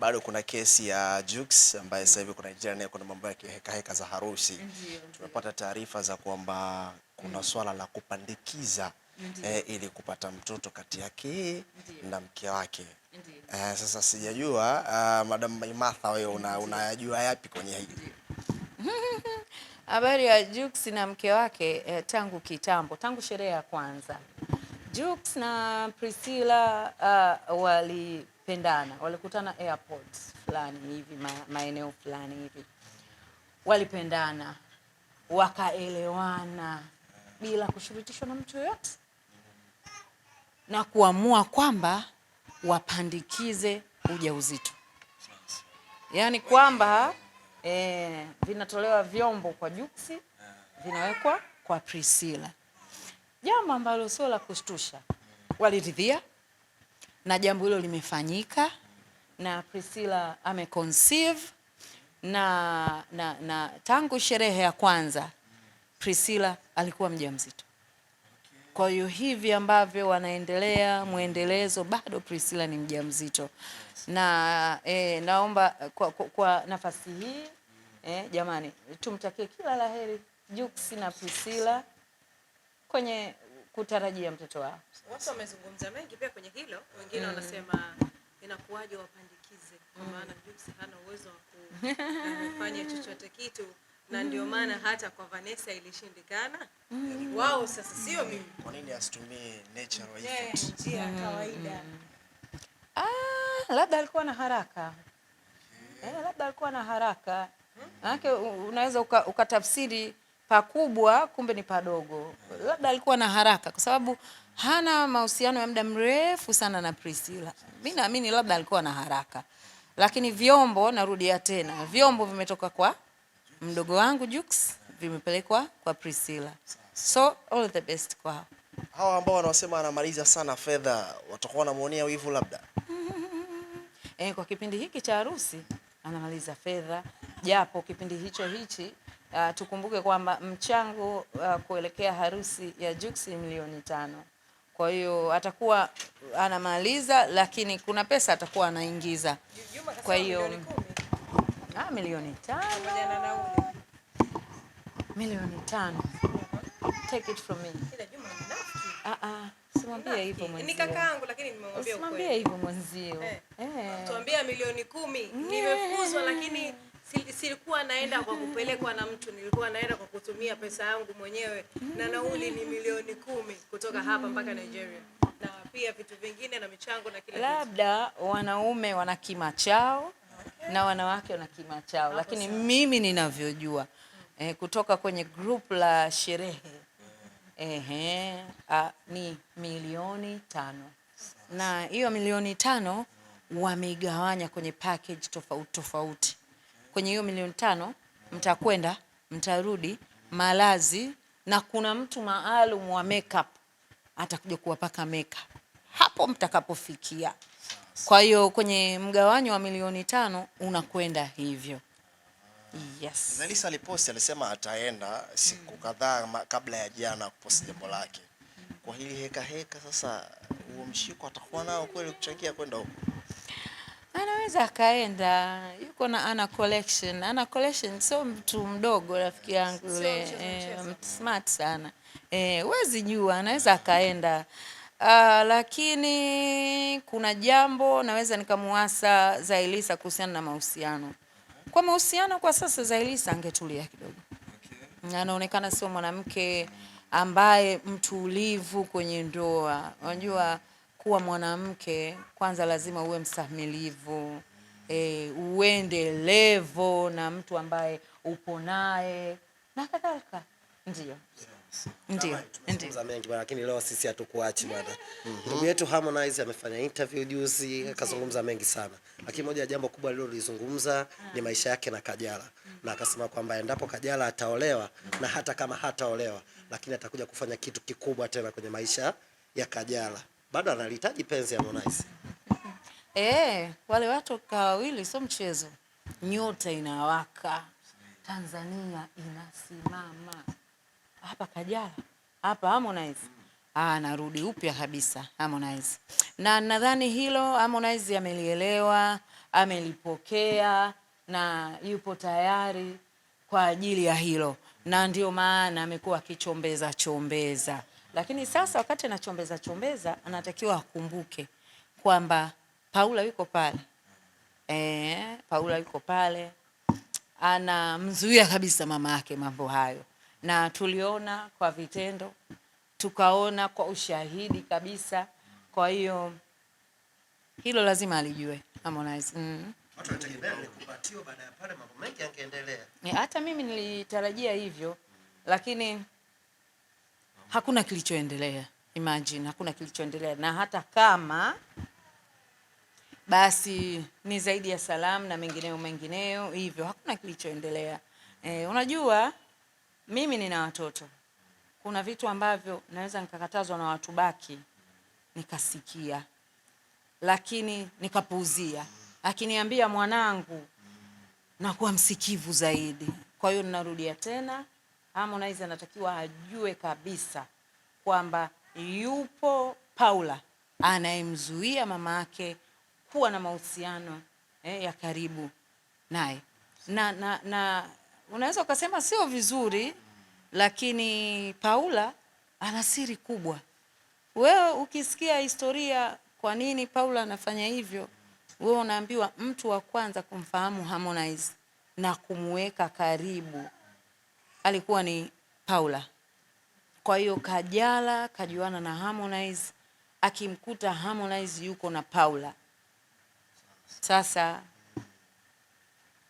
bado kuna kesi ya Jux ambaye sasa hivi kuna jira naye, kuna mambo yake heka heka za harusi. Tumepata taarifa za kwamba kuna mm. swala la kupandikiza eh, ili kupata mtoto kati yake na mke wake. Eh, sasa sijajua uh, Madam Maimartha wewe unayajua yapi kwenye hili? Habari ya Jux na mke wake eh, tangu kitambo, tangu sherehe ya kwanza Jux na Priscilla uh, wali walipendana, walikutana airport fulani hivi, maeneo fulani hivi, walipendana wakaelewana bila kushurutishwa na mtu yoyote, na kuamua kwamba wapandikize ujauzito, yaani kwamba e, vinatolewa vyombo kwa Juksi vinawekwa kwa Priscilla, jambo ambalo sio la kushtusha. Waliridhia na jambo hilo limefanyika na Priscilla ameconceive na, na, na tangu sherehe ya kwanza Priscilla alikuwa mjamzito. Kwa hiyo hivi ambavyo wanaendelea mwendelezo, bado Priscilla ni mjamzito na e, naomba kwa, kwa, kwa nafasi hii e, jamani tumtakie kila laheri Jux na Priscilla kwenye kutarajia mtoto wao. Watu wamezungumza mengi pia kwenye hilo, wengine mm. wanasema inakuwaje wapandikize, kwa mm. maana Jux hana uwezo wa kufanya chochote kitu na ndio maana mm. hata kwa Vanessa ilishindikana. Wao sasa sio mimi. Kwa nini asitumie natural effect? Yeah, kawaida. Ah, labda alikuwa na haraka yeah. Eh, labda alikuwa na haraka hmm. hmm? Unaweza ukatafsiri uka pakubwa kumbe ni padogo. Labda alikuwa na haraka, kwa sababu hana mahusiano ya muda mrefu sana na Priscilla. Mimi naamini labda alikuwa na haraka, lakini vyombo, narudia tena, vyombo vimetoka kwa mdogo wangu Jux, vimepelekwa kwa Priscilla. So all the best kwao. Hawa ambao wanaosema anamaliza sana fedha watakuwa wanamuonea wivu labda. Eh, kwa kipindi hiki cha harusi anamaliza fedha, japo kipindi hicho hichi Uh, tukumbuke kwamba mchango uh, kuelekea harusi ya Jux milioni tano. Kwa hiyo atakuwa anamaliza, lakini kuna pesa atakuwa anaingiza. Kwa hiyo ah, milioni tano, milioni tano. Take it from me. Ah, ah. Simwambie hivyo mwenzio. Ni kakaangu lakini nimemwambia ukweli. Simwambie hivyo mwenzio. Eh. eh. Tuambia milioni kumi. Eh. Nimefuzwa lakini silikuwa naenda kwa kupelekwa na mtu, nilikuwa naenda kwa kutumia pesa yangu mwenyewe, na nauli ni milioni kumi kutoka hapa mpaka Nigeria, na pia vitu vingine na michango na kila labda kitu. Wanaume wana kima chao na wanawake wana kima chao lakini sawa. Mimi ninavyojua eh, kutoka kwenye group la sherehe eh, eh, ni milioni tano na hiyo milioni tano wameigawanya kwenye package tofauti tofauti kwenye hiyo milioni tano mtakwenda mtarudi, malazi na kuna mtu maalum wa makeup atakuja kuwapaka makeup hapo mtakapofikia. Kwa hiyo kwenye mgawanyo wa milioni tano unakwenda hivyo. Yes. Melissa aliposti alisema ataenda siku mm. kadhaa kabla ya jana kuposti jambo lake. Kwa hili heka heka sasa, huo mshiko atakuwa nao kweli kuchangia kwenda huko? anaweza akaenda, yuko na ana collection. Ana collection sio mtu mdogo, rafiki yangu yule e, smart sana e, huwezi jua, anaweza akaenda uh, lakini kuna jambo naweza nikamuasa Zailisa kuhusiana na mahusiano. Kwa mahusiano kwa sasa Zailisa angetulia kidogo, okay. Anaonekana sio mwanamke ambaye mtulivu kwenye ndoa, unajua kuwa mwanamke kwanza lazima uwe mstahimilivu e, uende levo na mtu ambaye upo naye na kadhalika. Ndio, ndio, ndio. Lakini leo sisi hatukuachi bwana. Mm-hmm. Ndugu yetu Harmonize amefanya interview juzi, akazungumza mengi sana, lakini moja ya jambo kubwa alilolizungumza ni maisha yake na Kajala na akasema kwamba endapo Kajala ataolewa na hata kama hataolewa, lakini atakuja kufanya kitu kikubwa tena kwenye maisha ya Kajala bado analihitaji penzi Harmonize. Eh, wale watu kawawili sio mchezo, nyota inawaka, Tanzania inasimama hapa. Kajala hapa Harmonize ah, anarudi upya kabisa Harmonize, na nadhani hilo Harmonize amelielewa, amelipokea na yupo tayari kwa ajili ya hilo, na ndio maana amekuwa akichombeza chombeza lakini sasa wakati anachombeza chombeza, anatakiwa akumbuke kwamba Paula yuko pale e, Paula yuko pale anamzuia kabisa mama yake mambo hayo, na tuliona kwa vitendo, tukaona kwa ushahidi kabisa. Kwa hiyo hilo lazima alijue Harmonize. Mm. Watu wanategemea kupatiwa baada ya pale, mambo mengi yangeendelea. Hata mimi nilitarajia hivyo, lakini hakuna kilichoendelea. Imagine hakuna kilichoendelea, na hata kama basi ni zaidi ya salamu na mengineo mengineo hivyo, hakuna kilichoendelea. E, unajua mimi nina watoto, kuna vitu ambavyo naweza nikakatazwa na watu baki nikasikia, lakini nikapuuzia. Akiniambia mwanangu, nakuwa msikivu zaidi. Kwa hiyo ninarudia tena Harmonize anatakiwa ajue kabisa kwamba yupo Paula anayemzuia mama yake kuwa na mahusiano eh, ya karibu naye na, na, na unaweza ukasema sio vizuri, lakini Paula ana siri kubwa. Wewe ukisikia historia, kwa nini Paula anafanya hivyo, wewe unaambiwa mtu wa kwanza kumfahamu Harmonize na kumweka karibu alikuwa ni Paula. Kwa hiyo Kajala kajuana na Harmonize, akimkuta Harmonize yuko na Paula. Sasa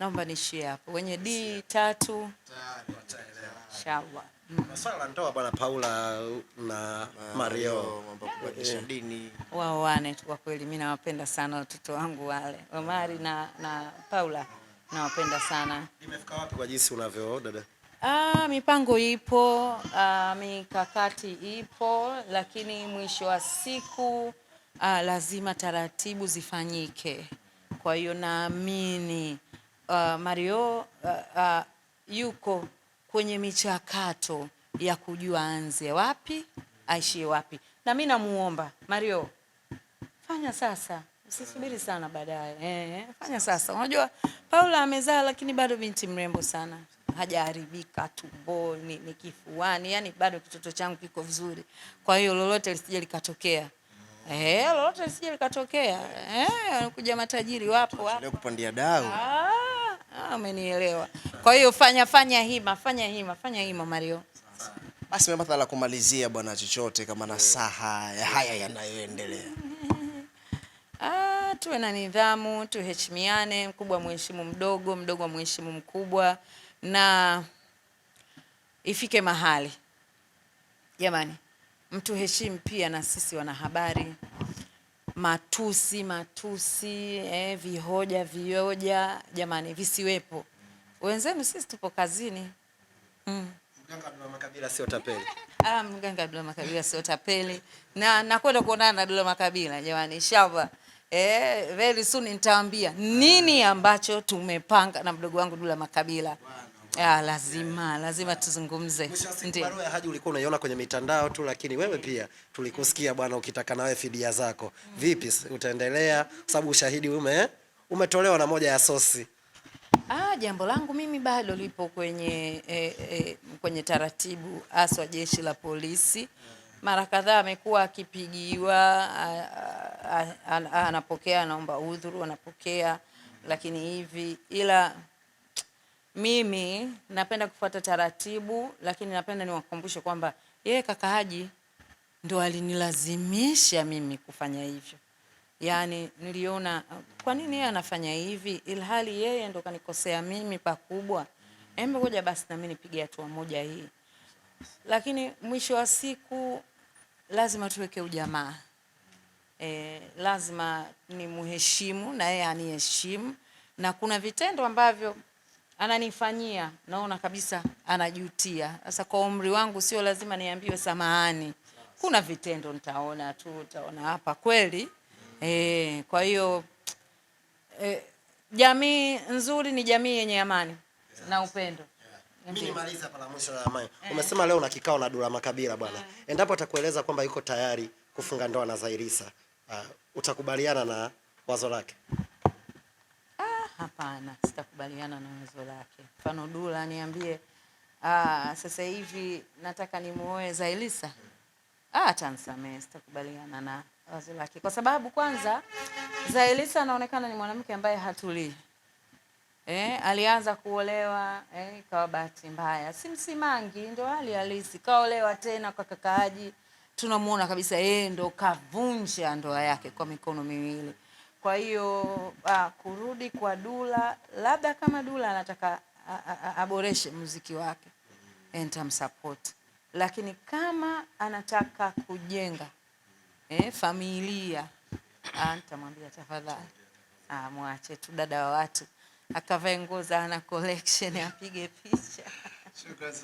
naomba niishie hapo wenye D tatu Inshallah. masuala mm. ya ndoa bwana Paula na Mario eh. wao wane tu kwa kweli, mimi nawapenda sana watoto wangu wale Omari na, na Paula nawapenda sana. Imefika wapi kwa jinsi unavyo dada? Ah, mipango ipo, ah, mikakati ipo, lakini mwisho wa siku ah, lazima taratibu zifanyike. Kwa hiyo naamini ah, Mario ah, ah, yuko kwenye michakato ya kujua anze wapi aishie wapi, na mimi namuomba Mario, fanya sasa, usisubiri sana baadaye. Eh, fanya sasa. Unajua Paula amezaa, lakini bado binti mrembo sana hajaharibika tumboni, ni kifuani, yani bado kitoto changu kiko vizuri. Kwa hiyo lolote lisije likatokea Eh, lolote lisije likatokea. Eh, wanakuja matajiri wapo hapo Leo kupandia dau. Ah, amenielewa. Ah, Kwa hiyo fanya fanya hima, fanya hima, fanya hima Mario. Basi mmepata la kumalizia bwana, chochote kama nasaha ya haya yanayoendelea. Ah, tuwe na nidhamu, tuheshimiane, mkubwa mheshimu mdogo, mdogo mheshimu mkubwa na ifike mahali jamani, mtu heshimu pia na sisi wanahabari. Matusi matusi eh, vihoja vioja, jamani visiwepo. Wenzenu sisi tupo kazini mm. Mganga Abdullah Makabila sio tapeli. Ah, Mganga Makabila sio tapeli, na nakwenda kuonana na Abdullah Makabila jamani, shaba eh, very soon nitaambia nini ambacho tumepanga na mdogo wangu dula Makabila. Ah, lazima lazima tuzungumze. Ndio. Barua ya Haji ulikuwa unaiona kwenye mitandao tu, lakini wewe pia tulikusikia bwana, ukitaka nawe fidia zako vipi, utaendelea? Sababu ushahidi ume umetolewa na moja ya sosi. Ah, jambo langu mimi bado lipo kwenye eh, eh, kwenye taratibu haswa jeshi la polisi. Mara kadhaa amekuwa akipigiwa, anapokea, anaomba udhuru, anapokea, lakini hivi ila mimi napenda kufuata taratibu, lakini napenda niwakumbushe kwamba yeye kaka Haji ndo alinilazimisha mimi kufanya hivyo. Yaani niliona kwa nini yeye anafanya hivi ilhali yeye ndo kanikosea mimi pakubwa. Embe ngoja basi na mimi nipige hatua moja hii. Lakini mwisho wa siku lazima tuweke ujamaa. E, lazima ni muheshimu na yeye aniheshimu na kuna vitendo ambavyo ananifanyia, naona kabisa anajutia. Sasa kwa umri wangu sio lazima niambiwe samahani, kuna vitendo nitaona tu, utaona hapa kweli e. Kwa hiyo e, jamii nzuri ni jamii yenye amani yes, na upendo mimi pala mwisho la amani. Umesema leo una kikao na Dula Makabila bwana. Eh. Endapo atakueleza kwamba yuko tayari kufunga ndoa na zairisa uh, utakubaliana na wazo lake? Hapana, sitakubaliana na wazo lake. Mfano Dula niambie, ah, sasa hivi nataka nimuoe Zailisa, atanisamehe. Ah, sitakubaliana na wazo lake kwa sababu kwanza Zailisa anaonekana ni mwanamke ambaye hatulii eh, alianza kuolewa eh, ikawa bahati mbaya, si Msimangi ndo hali halisi, kaolewa tena kwa kakaaji, tunamuona kabisa yeye ndo kavunja ndoa yake kwa mikono miwili. Kwa hiyo uh, kurudi kwa Dula, labda kama Dula anataka aboreshe muziki wake nitamsupport, lakini kama anataka kujenga eh, familia ah, nitamwambia tafadhali ah, mwache tu dada wa watu akavae nguo za ana collection apige picha.